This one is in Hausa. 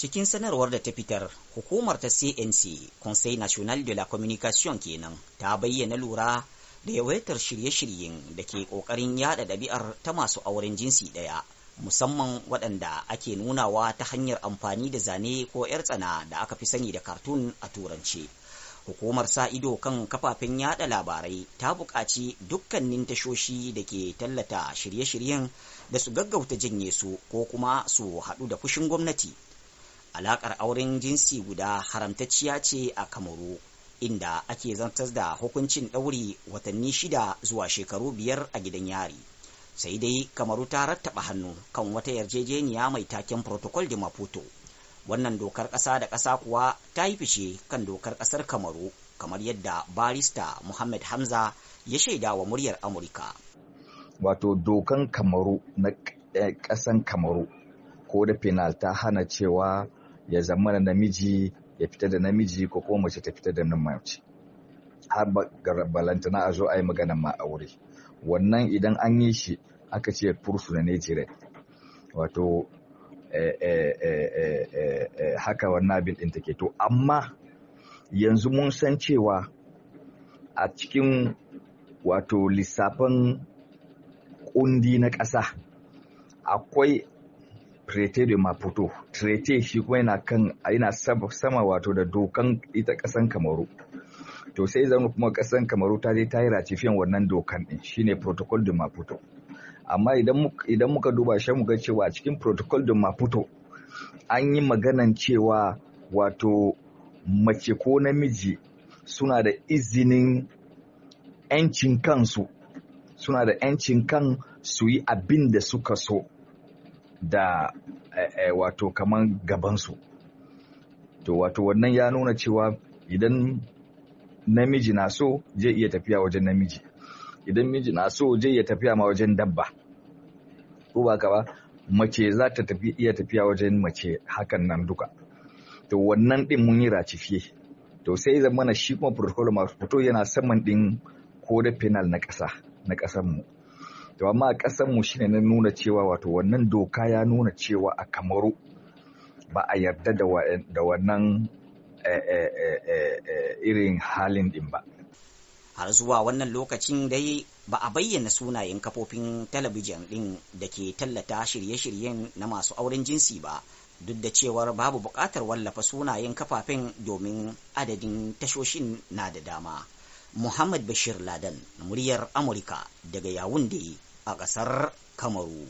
cikin sanarwar da ta fitar hukumar ta cnc conseil national de la communication kenan ta bayyana lura da yawaitar shirye-shiryen da ke ƙoƙarin yada ɗabi'ar ta masu auren jinsi ɗaya musamman waɗanda ake nunawa ta hanyar amfani da zane ko 'yar tsana da aka fi sani da cartoon a turance hukumar sa ido kan kafafen yada labarai ta buƙaci dukkanin tashoshi da ke tallata shirye-shiryen da su gaggauta janye su ko kuma su haɗu da fushin gwamnati alakar auren jinsi guda haramtacciya ce a kamaru inda ake zartar da hukuncin ɗauri watanni shida zuwa shekaru biyar a gidan yari sai dai kamaru ta rattaba hannu kan wata yarjejeniya mai taken protocol de maputo wannan dokar ƙasa da ƙasa kuwa ta yi fice kan dokar ƙasar kamaru kamar yadda barista muhammad hamza ya shaida wa muryar amurka wato dokan kamaru na eh, ƙasan kamaru ko da penal ta hana cewa ya zama da namiji ya fita da namiji ko kuma mace ta fita da mace har balantana a zo a yi magana ma aure wannan idan an yi shi aka ce fursu na nejire wato eh, eh, eh, haka wannan abin ɗin take to amma yanzu mun san cewa a cikin wato lissafin kundi na ƙasa akwai Prete de Maputo. Trete shi kuma yana kan yana sama wato da dokan ita ƙasan Kamaru. To sai zama kuma ƙasan Kamaru ta je ta yi ratifiyan wannan dokan ɗin shine Protocol de Maputo. Amma idan muka duba shi muga cewa a cikin Protocol de Maputo an yi maganan cewa wato mace ko namiji suna da izinin 'yancin kansu suna da 'yancin kan su yi abin da suka so da eh, eh, wato kaman gabansu to wato wannan ya nuna cewa idan namiji na so zai iya tafiya wajen namiji idan miji na so zai iya tafiya ma wajen dabba ko ba ka ba mace za ta tafi iya tafiya wajen mace hakan nan duka to wannan din mun yi racifiye to sai na shi kuma protocol masu fito yana saman ɗin ko da penal na ƙasa na ƙasar mu to amma a ƙasar mu shine na nuna cewa wato wannan doka ya nuna cewa a kamaru ba a yarda da wannan eh, eh, eh, irin halin din ba har zuwa wannan lokacin dai ba a bayyana sunayen kafofin talabijin din da ke tallata shirye-shiryen na masu auren jinsi ba duk da cewar babu buƙatar wallafa sunayen kafafen domin adadin tashoshin na da dama muhammad bashir ladan muryar amurka daga yawun da a ƙasar kamaru